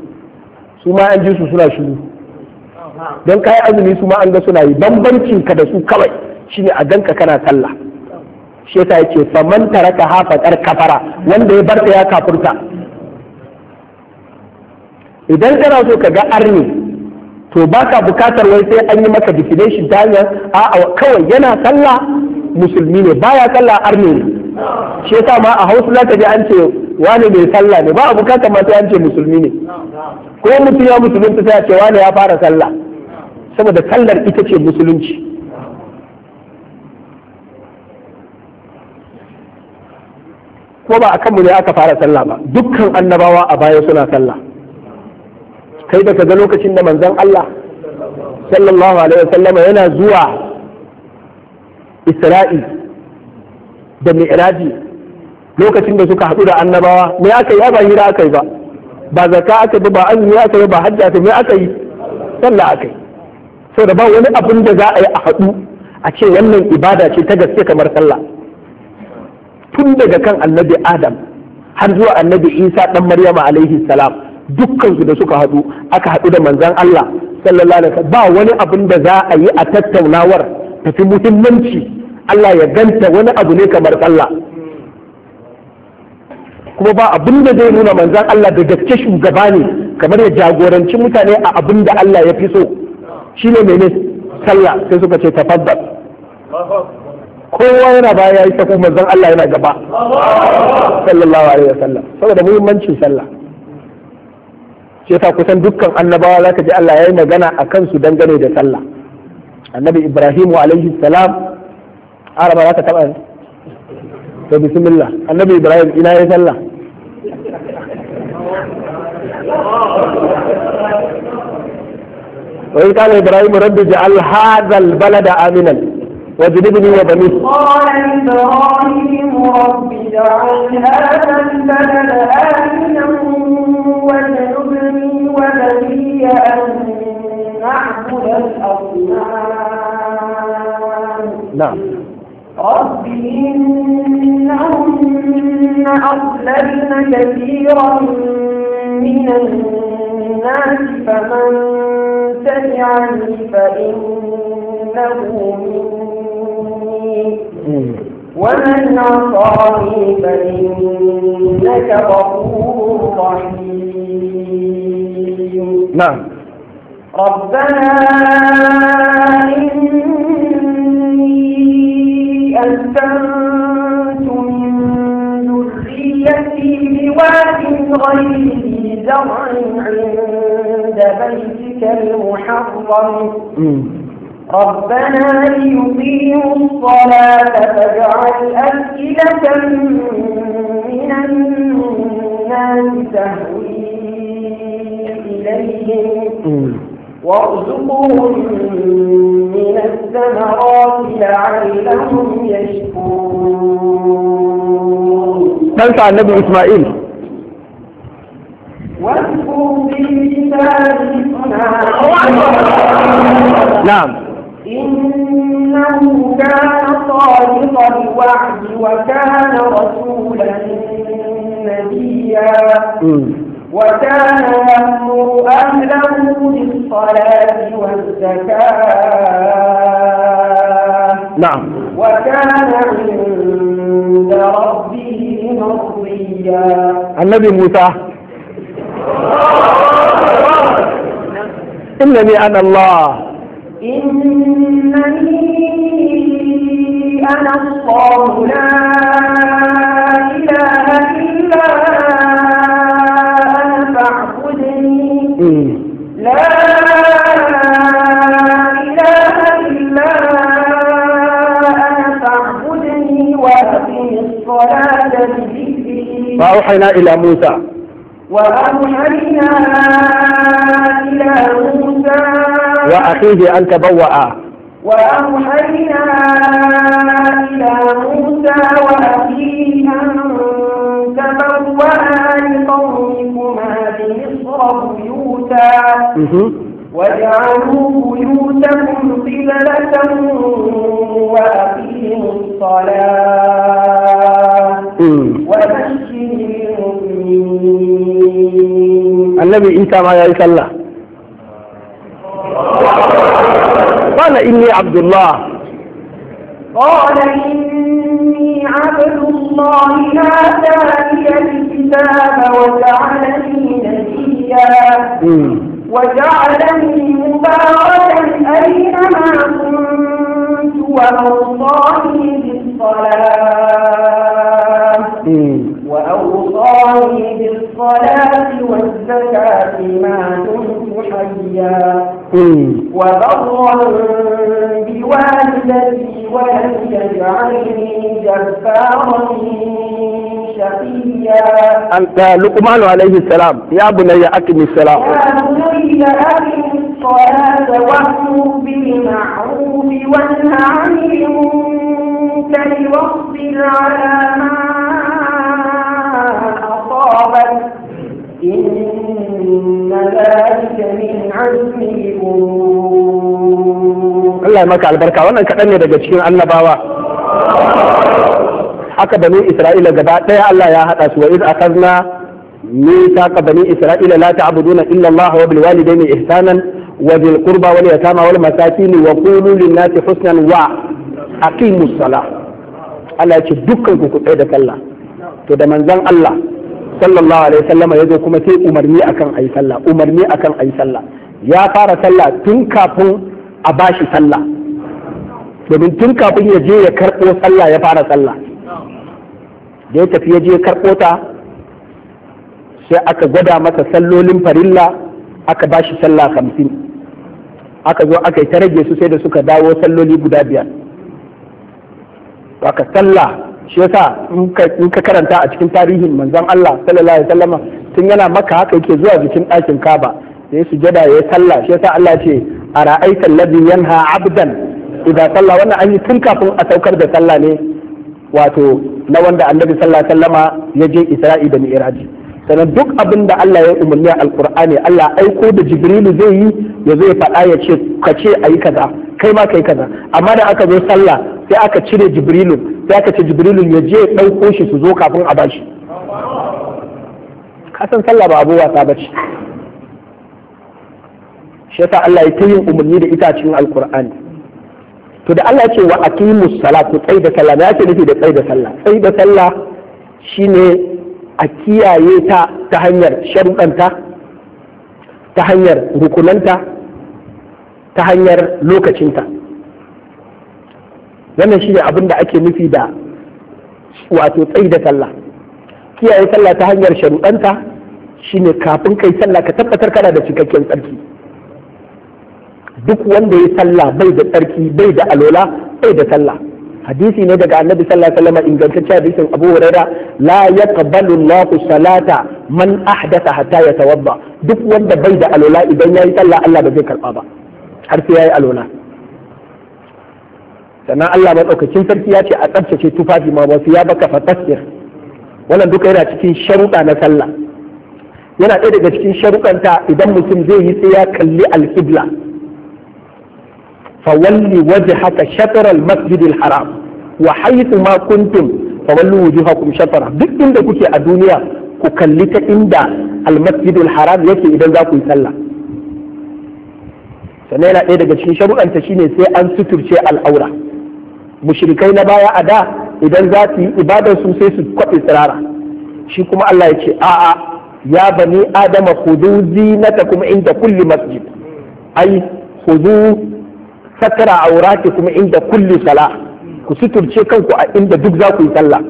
su ma an ji su suna shiru don kayi azumi su ma an ga suna yi bambancin ka da su kawai shine a ganka kana sallah shi yasa yace faman taraka hafaqar kafara wanda ya barta ya kafurta idan kana so ka ga arni to baka bukatar wai sai an yi maka definition ta hanyar a'a kawai yana sallah musulmi ne baya sallah arne ne shi ma a hausa zaka ji an ce wani mai sallah ne ba a bukatar ma sai an ce musulmi ne ko mutum ya musulunta sai a ce wani ya fara sallah saboda sallar ita ce musulunci ko ba a kanmu ne aka fara sallah ba dukkan annabawa a baya suna sallah kai da ka ga lokacin da manzon Allah sallallahu alaihi wasallam yana zuwa Isra'i da Mi'raji lokacin da suka haɗu da annabawa me aka yi ba hira aka yi ba ba zaka aka yi ba azumi aka yi ba hajji aka yi aka yi sallah aka yi da ba wani abin da za a yi a haɗu a ce wannan ibada ce ta gaske kamar sallah tun daga kan annabi adam har zuwa annabi isa dan maryama alaihi salam dukkan su da suka haɗu aka haɗu da manzon Allah sallallahu alaihi ba wani abin da za a yi a tattaunawar tafi muhimmanci Allah ya ganta wani abu ne kamar sallah kuma ba abin da zai nuna manzan Allah da gaske shugaba ne kamar ya jagoranci mutane a abin da Allah ya fi so shine mene sallah sai suka ce tafaddal kowa yana baya yi tafi manzan Allah yana gaba sallallahu alaihi sallam saboda muhimmancin sallah shi yasa kusan dukkan annabawa zaka ji Allah ya yi magana a kansu dangane da sallah annabi Ibrahim alaihi salam araba zaka taba to الله annabi ibrahim ina ya sallah وإذ قال إبراهيم رب اجعل هذا البلد آمنا واجنبني وبني قال إبراهيم رب اجعل هذا البلد آمنا واجنبني وبني أن نعبد الأصنام نعم رب إنهن أضللن كثيرا من الناس فمن تبعني فإنه مني ومن عصاني فإنك غفور رحيم نعم ربنا إن أسكنت من ذريتي بواد غير ذي زرع عند بيتك المحرم ربنا ليقيموا الصلاة فاجعل أسئلة من الناس تهوي إليهم وارزقهم من الثمرات لعلهم يشكرون تنفع النبي إسماعيل واذكر في كتاب نعم إنه كان صادق الوعد وكان رسولا نبيا وكان يأمر أهله بالصلاة والزكاة نعم وكان عند ربه مرضيا النبي موسى إنني أنا الله إنني أنا الله لا وأوحينا إلى موسى وأوحينا إلى موسى وأخيه أن تبوأ وأوحينا إلى موسى وأخيه أن تبوأ لقومكما بمصر بيوتا واجعلوا بيوتكم قبلة وأقيموا الصلاة annabi isa ma ya yi sallah قال إني عبد الله قال إني عبد الله آتاني الكتاب وجعلني نبيا وجعلني مباركا أينما كنت وأوصاني بالصلاة وأوصاني بالصلاة الصلاة والزكاة ما دمت حيا وبرا بوالدتي ولم يجعلني جبارا شقيا أنت لقمان عليه السلام يا بني أكم السلام يا بني أكم الصلاة وأمر بالمعروف وانهى عن المنكر واصبر على ما عرفت إن ذلك من عزم الأمور الله يمك البركة وانا كأني haka bani Isra'ila gaba ɗaya Allah ya haɗa su wa iz akhadna mithaqa bani Isra'ila la ta'buduna illa Allah wa bil walidayni ihsanan wa bil qurba wal yatama wal masakin wa qulu lin nasi husnan wa aqimus salah Allah ya ce dukkan ku ku da kalla. to da manzon Allah sallallahu alaihi sallama ya zo kuma sai umarni akan ayi sallah umarni akan ayi sallah ya fara sallah tun kafin a bashi sallah domin tun kafin ya je ya karɓo sallah ya fara sallah da ya tafi ya je karɓo ta sai aka gwada masa sallolin farilla aka bashi sallah hamsin aka zo aka yi ta rage su sai da suka dawo salloli guda biyar aka sallah shi yasa in ka karanta a cikin tarihin manzon Allah sallallahu alaihi wasallam tun yana maka haka yake zuwa jikin ɗakin Kaba su ya yayi sallah shi yasa Allah ce ara'aita alladhi yanha 'abdan idan sallah wannan an yi tun kafin a saukar da sallah ne wato na wanda annabi sallallahu alaihi wasallam ya je Isra'i da Mi'raj sannan duk abin da Allah ya umarni alqur'ani Allah aiko da Jibrilu zai yi ya zai ya faɗa ya ce ka ce ayi kaza kai ma kai kaza amma da aka zo sallah sai aka cire Jibrilu sai aka ce jibrilu ya je ɗauko shi su zo kafin a bashi kasan sallah ba abubuwa ta bace ce shi yasa Allah ya yin umarni da ita cikin alkur'ani to da Allah ya ce wa aqimus salatu tsai da ya ce nufi da tsai da sallah tsai da sallah shine a kiyaye ta ta hanyar sharuɗanta ta hanyar rukunanta ta hanyar lokacinta wannan shine abin da ake nufi da wato tsayi da sallah kiyaye sallah ta hanyar sharuɗanta shine kafin kai sallah ka tabbatar kana da cikakken tsarki duk wanda ya sallah bai da tsarki bai da alola bai da sallah hadisi ne daga annabi sallallahu alaihi wasallam ingantacce hadisin Abu Huraira la yaqbalu Allahu salata man ahdatha hatta yatawadda duk wanda bai da alola idan yayi sallah Allah ba zai karba ba har sai yayi alola sannan Allah maɗaukakin sarki ya ce a tsabtace tufafi ma wasu ya baka fatasir wannan duka yana cikin sharuɗa na sallah yana ɗaya daga cikin sharuɗanta idan mutum zai yi sai ya kalli alƙibla fawalli waje haka shatarar masjidil haram wa haitu ma kuntum fawalli wujuhakum shatara duk inda kuke a duniya ku kalli ta inda almasjidul haram yake idan za ku yi sallah sannan yana ɗaya daga cikin sharuɗanta shine sai an suturce al'aura mushrikai na baya a da idan za su yi ibadar su sai su kwaɓe tsirara shi kuma Allah ya ce a'a ya bani adama khudu kuma inda kulli masjid ai khudu satara aurati kuma inda kulli sala ku suturce kanku a inda duk za ku yi sallah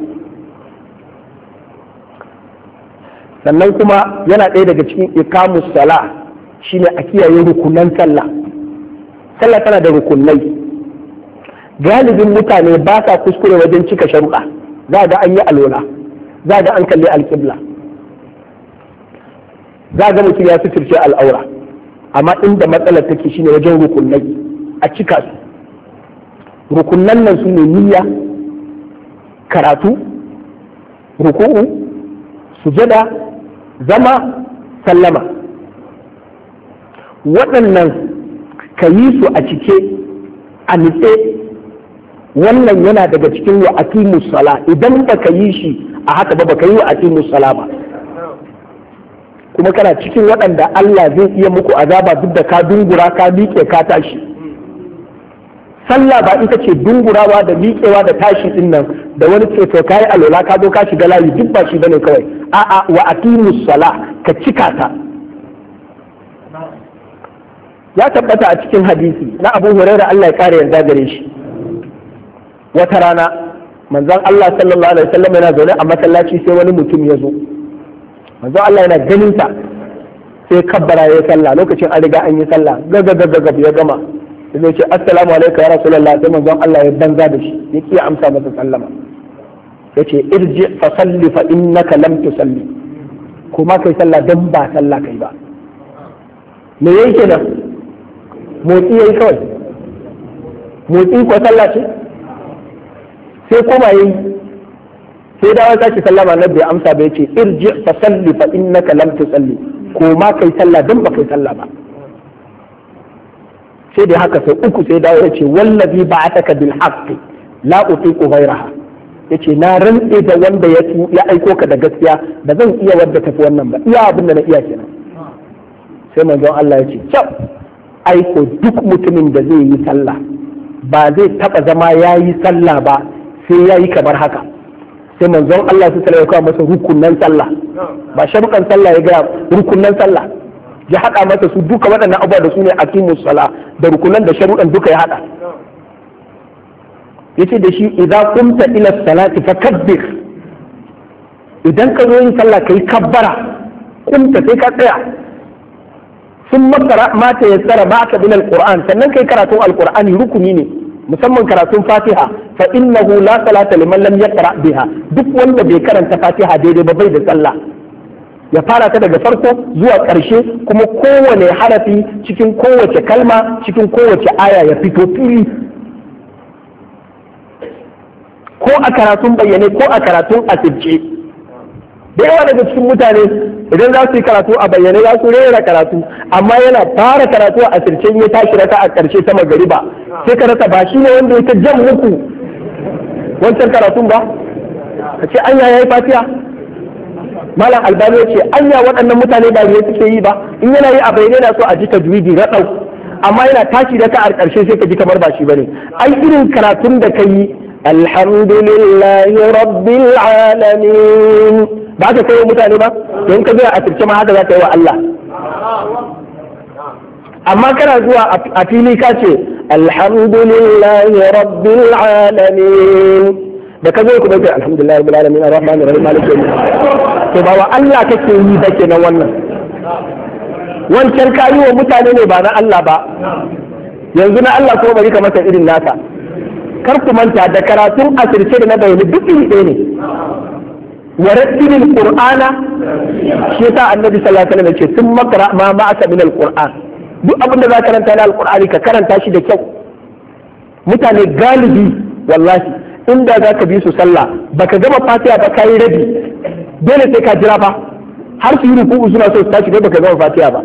sannan kuma yana ɗaya daga cikin ikamus sala shine a kiyaye rukunan sallah sallah tana da rukunai galibin mutane ba sa kuskure wajen cika sharuɗa za ga an yi alwala za ga an kalli alƙibla za ga mutum ya suturce al'aura amma inda matsalar take shine wajen rukunai a cika su rukunan nan su ne niyya karatu ruku'u sujada zama sallama waɗannan ka yi su a cike a nitse wannan yana daga cikin wa aqimus sala idan baka yi shi a haka ba baka yi wa aqimus sala ba kuma kana cikin waɗanda Allah zai iya muku azaba duk da ka dungura ka miƙe ka tashi sallah ba ita ce dungurawa da miƙewa da tashi din nan da wani ce to kai alola ka zo ka shiga layi duk ba shi bane kawai a'a wa aqimus sala ka cika ta ya tabbata a cikin hadisi na Abu Hurairah Allah ya kare yarda gare shi wata rana manzan Allah sallallahu alaihi wasallam yana zaune a masallaci sai wani mutum ya zo manzan Allah yana ganin sa sai kabbara ya sallah lokacin an riga an yi sallah gaga gaga gaga ya gama sai ce assalamu alaikum ya rasulullah sai manzan Allah ya banza da shi ya kiya amsa masa sallama ya ce irji fa salli fa innaka lam tusalli kuma kai sallah dan ba sallah kai ba me yake nan motsi yayi kawai motsi ko sallah ce sai koma yayi sai dawo sake sallama na bai amsa bai ce irji fa salli fa innaka lam tusalli ko ma kai sallah dan ba kai sallah ba sai dai haka sai uku sai dawo ya ce wallazi ba'ataka bil haqqi la utiqu ghayraha yace na rantse da wanda ya ya aiko ka da gaskiya ba zan iya wadda tafi wannan ba iya abin da na iya kenan sai manzon Allah ya ce cewa aiko duk mutumin da zai yi sallah ba zai taba zama ya yi sallah ba sai ya yi kamar haka sai manzon Allah su ya kawo masa rukunan sallah ba sharuɗan sallah ya gaya rukunan sallah ya haɗa masa su duka waɗannan abubuwa da su ne akimu sala da rukunan da sharuɗan duka ya haɗa yace da shi idan kumta ila salati fakabbir idan ka zo yin sallah kai kabbara kumta sai ka tsaya sun mata ya tsara ba ka bin Alƙur'an sannan kai karatun Alƙur'ani rukuni ne musamman karatun fatiha fa innahu la salata liman lam yaqra biha duk wanda bai karanta fatiha daidai ba bai da sallah ya fara ta daga farko zuwa ƙarshe kuma kowane harafi cikin kowace kalma cikin kowace aya ya fito fili ko a karatun bayyane ko a karatun asirce da yawa daga cikin mutane idan za su yi karatu a bayyane za su rera karatu amma yana fara karatu a asirce ya tashi raka a ƙarshe ta magariba sai ka rasa ba shi ne wanda ta jan muku wancan karatun ba ka ce anya yi fatiya malam albani ya ce anya waɗannan mutane ba ne suke yi ba in yana yi a bayyane na so a ji tajwidi raɗau amma yana tashi da ka a ƙarshe sai ka ji kamar ba shi ne ai irin karatun da ka yi alhamdulillah rabbil alamin ba ka kai mutane ba don ka zuwa a turke ma haka za ka yi wa Allah amma kana zuwa a fili ka ce الحمد لله رب العالمين da ka zo ku bai alhamdulillah rabbil alamin arrahmanir rahim malik yawm to ba wa Allah kake yi ba kenan wannan wancan yi wa mutane ne ba na Allah ba yanzu na Allah ko bari ka masa irin nasa kar ku manta da karatun asirce da na bayani duk iri ɗaya ne wa rattilil qur'ana shi ta annabi sallallahu alaihi wasallam ce tun makara ma ma'aka min alquran duk abin da za karanta na alkur'ani ka karanta shi da kyau mutane galibi wallahi inda za ka bi su sallah ba ka gama fatiha ba ka yi rabi dole sai ka jira ba har su yi su suna so su tashi ba ka gama fatiha ba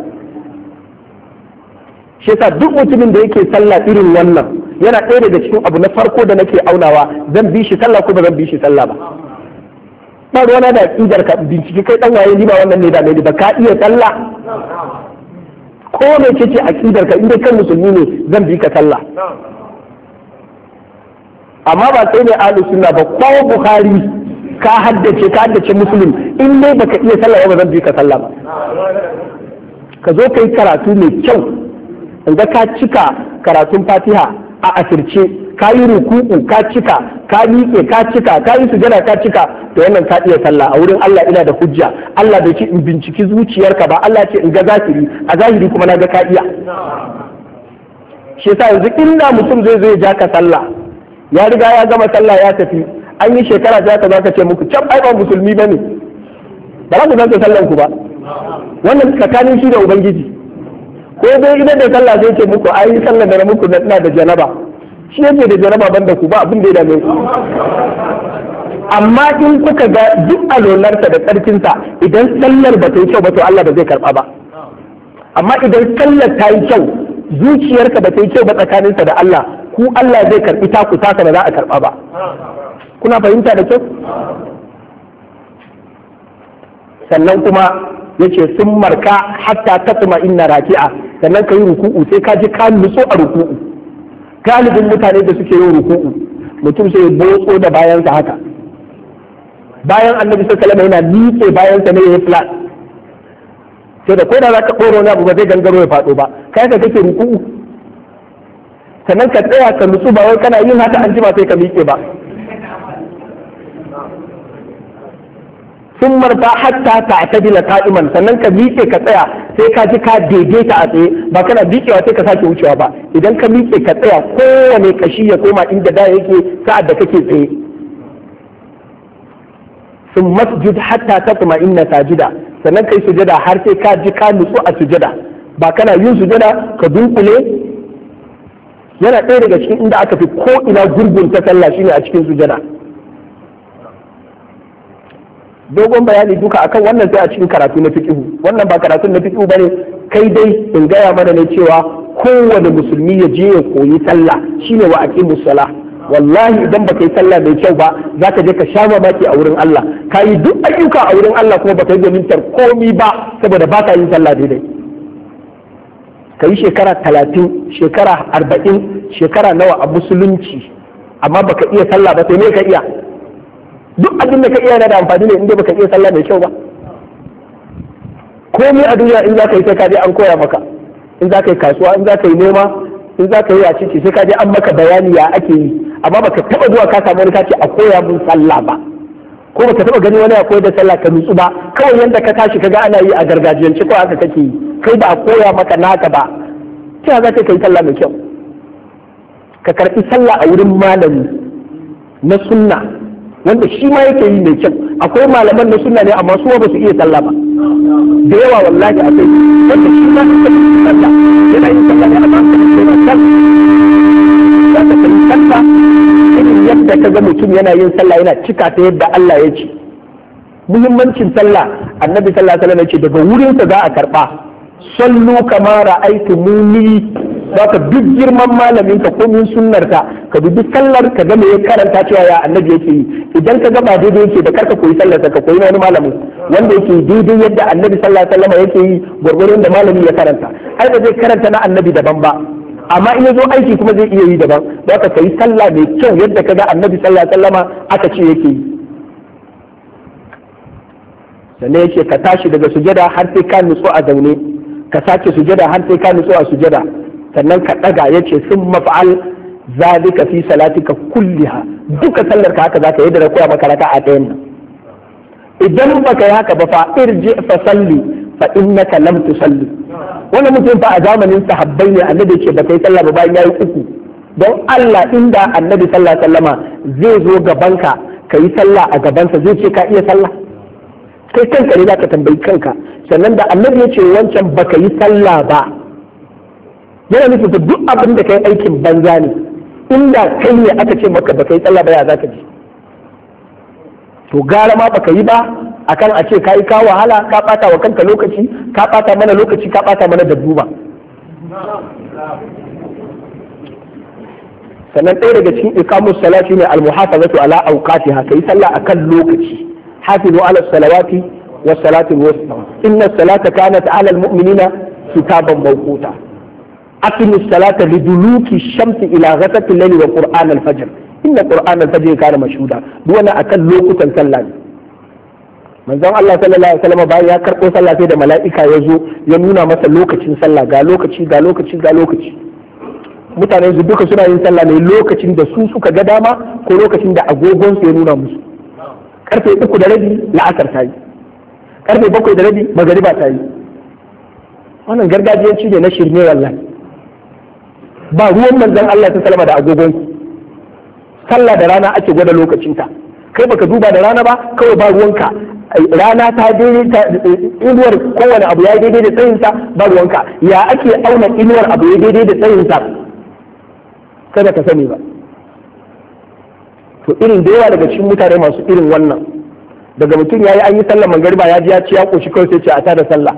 shi yasa duk mutumin da yake sallah irin wannan yana ɗaya daga cikin abu na farko da nake aunawa zan bi shi sallah ko ba zan bi shi sallah ba ba ruwana da ƙidar ka bincike kai ɗan waye ni ba wannan ne da ne ba ka iya sallah ko me ce akidar ka inda kan musulmi ne zan bi ka sallah amma ba sai ne ahlu sunna ba ko bukhari ka haddace ka haddace muslim in dai baka iya sallah ba zan bi ka sallah ba ka zo kai karatu mai kyau in ka cika karatun fatiha a asirce ka yi ruku'u ka cika ka miƙe ka cika ka yi sujada ka cika to wannan ka iya sallah a wurin Allah ina da hujja Allah bai ce in binciki zuciyarka ba Allah ce in ga zahiri a zahiri kuma na ga ka iya shi yasa yanzu inda mutum zai zo ya ja ka sallah ya riga ya gama sallah ya tafi an yi shekara ta ka zaka ce muku can ai ba musulmi bane ba za ku zanta sallan ku ba wannan tsakanin shi da ubangiji ko dai idan da sallah zai ce muku ai sallah da muku na da janaba shi yake da janaba banda ku ba abin da ya dame ku amma in kuka ga duk alolarta da tsarkinsa idan sallar ba ta yi kyau ba to Allah ba zai karba ba amma idan sallar ta yi kyau zuciyarka ba ta yi kyau ba tsakaninsa da Allah ku Allah zai karbi ta ku taka za a karba ba kuna fahimta da kyau sannan kuma yace sun marka hatta tatma inna raki'a sannan ka yi ruku'u sai ka ji ka nutso a ruku'u galibin mutane da suke yin ruku'u mutum sai botso da bayansa haka bayan annabi sallallahu alaihi yana miƙe bayansa ne yayi flat sai da koda zaka koro na abu ba zai gangaro ya fado ba kai ka kake ruku'u sannan ka tsaya ka nutsu ba wai kana yin haka an ji ba sai ka miƙe ba sun marta hatta ta atadila ka'iman sannan ka miƙe ka tsaya sai ka ji ka daidaita a tsaye ba kana miƙewa sai ka sake wucewa ba idan ka miƙe ka tsaya kowane kashi ya koma inda da yake sa'ad da kake tsaye sun masjid hatta ta kuma inna sajida sannan kai sujada har sai ka ji ka nutsu a sujada ba kana yin sujada ka dunkule yana ɗaya daga cikin inda aka fi ko ina gurgunta sallah shine a cikin sujada dogon bayani duka akan wannan sai a cikin karatu na fiqhu wannan ba karatu na fiqhu bane kai dai in gaya mana ne cewa kowane musulmi ya je ya koyi sallah shine wa aqimus salah wallahi idan ba kai sallah mai kyau ba zaka je ka sha baki a wurin Allah ka yi duk ayyuka a wurin Allah kuma baka yi gwanintar komi ba saboda baka ka yin sallah daidai ka yi shekara talatin shekara arba'in shekara nawa a musulunci amma baka iya sallah ba sai me ka iya duk abin da ka iya yana da amfani ne inda baka iya sallah mai kyau ba komai a duniya in za ka yi sai ka je an koya maka in za ka yi kasuwa in za ka yi nema in za ka yi a ciki sai ka je an maka bayani ya ake yi amma baka taba zuwa ka samu wani ka ce a koya mun sallah ba ko baka taba gani wani a koyar da sallah ka nutsu ba kawai yanda ka tashi ka ga ana yi a gargajiyance ko haka kake yi kai ba a koya maka naka ba kina za ka yi sallah mai kyau ka karbi sallah a wurin malami na sunna wanda shi ma yake yi mai kyau akwai malaman na sunna ne amma su ba su iya sallah ba da yawa wallahi kai wanda shi ma yake yi sallah yana yin sallah ne amma su ma kan za ka san sallah irin yadda ka ga mutum yana yin sallah yana cika ta yadda Allah ya ce muhimmancin sallah annabi sallallahu alaihi wasallam ya ce daga wurin ka za a karba sallu kama ra'aytumuni baka duk girman malamin ka komin sunnar ka ka bi sallar ka ga me ya karanta cewa ya annabi yake yi idan ka ga ba daidai yake da karka koyi sallar ka koyi wani malamin wanda yake daidai yadda annabi sallallahu alaihi wasallam yake yi gurgurun da malami ya karanta ai ba zai karanta na annabi daban ba amma in ya zo aiki kuma zai iya yi daban za ka yi sallah mai kyau yadda ka ga annabi sallallahu alaihi aka ce yake yi sannan yake ka tashi daga sujada har sai ka nutsu a zaune ka sake sujada har sai ka nutsu a sujada sannan ka ɗaga ya ce sun maf'al ka fi salatika kulliha duka sallar ka haka zaka yi da na koya maka raka'a ɗayan nan idan baka yi haka ba fa irji fa salli fa innaka lam tusalli wannan mutum fa a zamanin sahabbai ne annabi ce baka yi sallah ba bayan yayi uku don Allah inda annabi sallallahu alaihi zai zo gaban ka yi sallah a gabansa zai ce ka iya sallah kai kanka ne zaka tambayi kanka sannan da annabi ya ce wancan baka yi sallah ba yana nufin da duk abin da kai aikin banza ne inda kai ne aka ce maka baka yi tsalla ba ya za ka ji to gara ma baka yi ba akan a ce ka yi ka wahala ka bata wa kanka lokaci ka bata mana lokaci ka bata mana dabbu ba sannan ɗaya daga cikin ikamu salati ne almuhafazatu ala awqatiha kai sallah akan lokaci hafizu ala salawati was salati wusta inna salata kanat ala almu'minina kitaban mawquta أقم salata لدلوك الشمس إلى ghasaqi الليل وقرآن الفجر إن قرآن الفجر كان مشهودا al أكل kana mashhuda من wannan akan lokutan sallah ne وسلم Allah sallallahu alaihi wasallam bayan ya karbo sallah sai da mala'ika ya zo ya nuna masa lokacin sallah ga lokaci ga lokaci ga lokaci mutane su duka suna yin sallah ne lokacin da su suka ga dama ko lokacin da agogon su ya nuna musu karfe uku da rabi la'asar ta yi karfe bakwai da rabi magariba ta yi wannan gargajiyanci ne na shirme wallahi ba ruwan manzon Allah ta salama da agogon sallah da rana ake gwada lokacinta kai baka duba da rana ba kawai ba ruwanka rana ta daidaita inuwar kowane abu ya daidai da tsayinsa ba ruwanka ya ake auna inuwar abu ya daidai da tsayinsa kada ka sani ba to irin da yawa daga cikin mutane masu irin wannan daga mutum ya yi an yi sallar magariba ya ji ya ci ya koshi kawai sai ce a tada sallah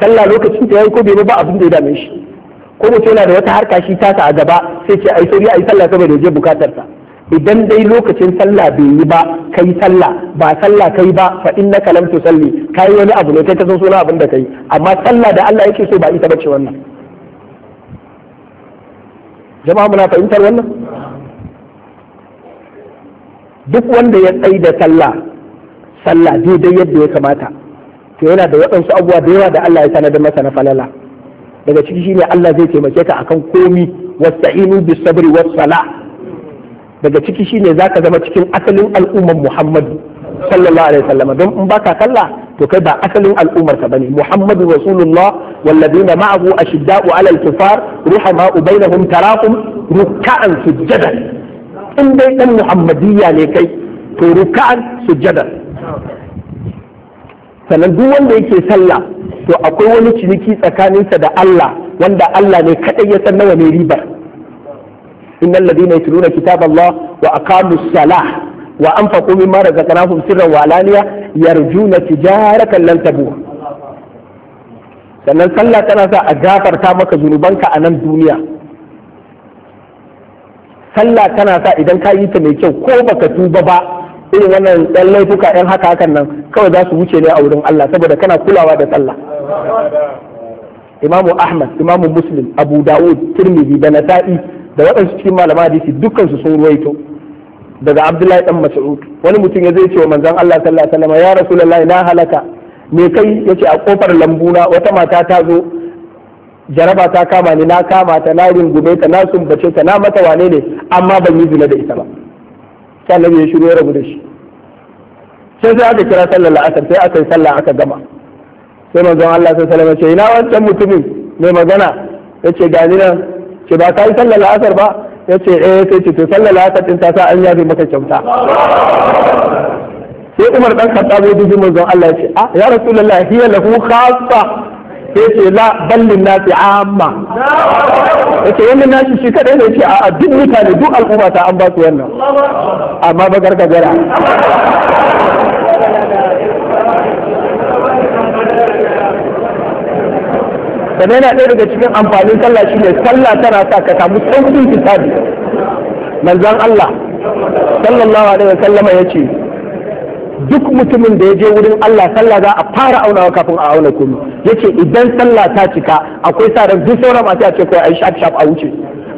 sallah lokacin ta yayi ko bai ba abin da ya dame shi ko mutum yana da wata harka shi tasa a gaba sai ce ai sauri ai sallah saboda je bukatar sa idan dai lokacin sallah bai yi ba kai sallah ba sallah kai ba fa innaka lam tusalli kai wani abu ne kai ka san sunan abin da kai amma sallah da Allah yake so ba ita bace wannan jama'a muna fahimtar wannan duk wanda ya tsayi da sallah sallah daidai yadda ya kamata to yana da waɗansu abubuwa da yawa da Allah ya sanar da masa na falala daga ciki shine Allah zai taimake ka akan komi wasta'inu bis sabri was sala daga ciki shine zaka zama cikin asalin al'ummar Muhammadu sallallahu alaihi wasallam don in baka kalla to kai ba asalin al'ummar ka bane Muhammadu Rasulullah walladina ma'ahu ashidda'u 'alal kufar ruhama'u bainahum tarahum ruk'an sujjadan in dai dan Muhammadiyya ne kai to ruk'an sujada sannan duk wanda yake sallah to akwai wani ciniki tsakaninsa da Allah wanda Allah ne kadai ya san nawa ne ribar innal ladina yatluna kitaballah wa aqamus salah wa anfaqu mimma razaqnahum sirran wa alaniya yarjuna tijaratan lan tabur sannan sallah tana sa a gafarta maka zunubanka a nan duniya sallah tana sa idan ka yi ta mai kyau ko baka tuba ba irin wannan ɗan laifuka ɗan haka hakan nan kawai za su wuce ne a wurin Allah saboda kana kulawa da sallah imamu ahmad imamu muslim abu dawud tirmidhi da nasa'i da waɗansu cikin malama hadisi dukkan su sun ruwaito daga abdullahi dan mas'ud wani mutum ya zai ce wa manzan Allah sallallahu alaihi wasallam ya rasulullahi na halaka me kai ya ce a kofar na wata mata ta zo jaraba ta kama ni na kama ta na rungume ta na sumbace ta na mata wane ne amma ban yi zina da ita ba sai annabi ya shiru ya rabu da shi sai sai aka kira sallar la'asar sai aka yi sallah aka gama sai manzon Allah sai salama ce ina wancan mutumin mai magana ya ce gani nan ce ba ka yi sallar la'asar ba ya ce eh sai ce to sallar la'asar din ta sa an yafe maka kyauta sai Umar dan Khattab ya dubi manzon Allah ya ce ah ya Rasulullah hiya lahu khassa sai ce la ballin nasi amma yace wannan nasi shi kadai ne ce a duk mutane duk al'umma ta an ba su wannan amma ba gargagara sannan yana ɗaya daga cikin amfanin sallah shine sallah tana sa ka samu sauƙin hisabi manzan Allah sallallahu alaihi wasallama ce. duk mutumin da ya je wurin Allah sallah za a fara aunawa kafin a auna komai yace idan sallah ta cika akwai sa ran duk sauran mata ce kai ai shaf shaf a wuce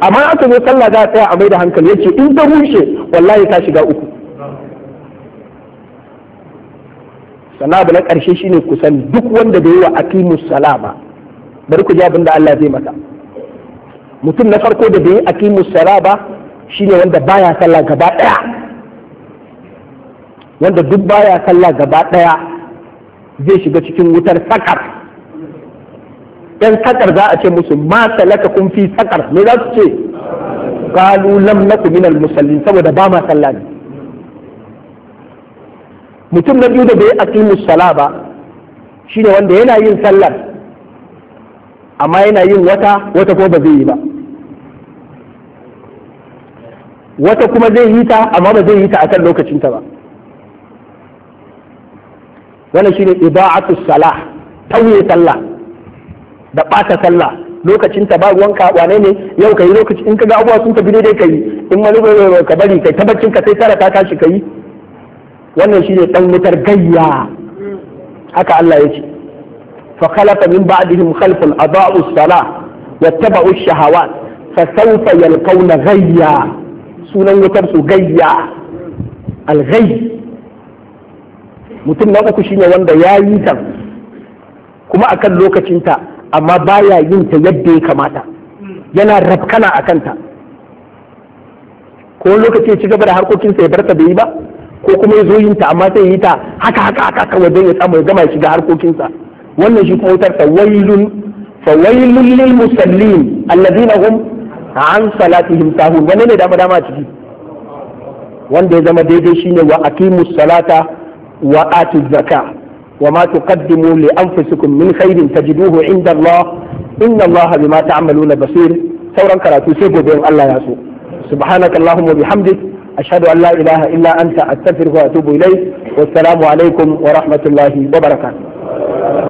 amma aka zo sallah za a tsaya a mai da hankali yace in ta rushe wallahi ta shiga uku sannan abu na karshe shine kusan duk wanda da yi wa aqimus salama bari ku ji abin da Allah zai maka mutum na farko da bai yi aqimus shine wanda baya sallah gaba ɗaya wanda duk baya sallah gaba ɗaya zai shiga cikin wutar sakar yan sakar za a ce musu ma salaka kun fi sakar me za su ce Kalu lam naku minal musallin saboda ba ma sallah ne mutum na biyu da bai aqimu sala ba shine wanda yana yin sallar amma yana yin wata wata ko ba zai yi ba wata kuma zai yi ta amma ba zai yi ta akan lokacinta ba wannan shine iba'atu salah tauye sallah da ɓata sallah lokacin ta ba ruwanka wane ne yau kai lokaci in kaga abuwa sun tafi daidai kai in wani bai ka bari kai tabbacin ka sai tara ta tashi kai wannan shine dan wutar gayya haka Allah ya ce fa khalaqa min ba'dihim khalfun adaa'u salah wattaba'u shahawat fa sawfa yalqawna gayya. sunan wutar su gayya al-ghayy mutum na uku shine wanda ya yi ta kuma akan lokacinta amma baya yin ta yadda ya kamata yana rafkana a kanta ko lokaci ya ci gaba da harkokinsa ya barta bai yi ba ko kuma ya zo yin ta amma sai yi ta haka haka haka kawai don ya samu ya gama ya shiga harkokinsa wannan shi kuma wutar ta wailun lil musallin alladhina hum an salatihim sahun wanne ne dama dama ciki wanda ya zama daidai shine wa aqimus salata wa atu zaka wa ma tuqaddimu li anfusikum min ta tajiduhu inda Allah inna Allah bima ta'maluna basir sauran karatu sai gobe in Allah ya so subhanakallahumma bi hamdi ashadu la ilaha illa anta astaghfiruka wa atubu ilayk wassalamu alaikum wa rahmatullahi wa barakatuh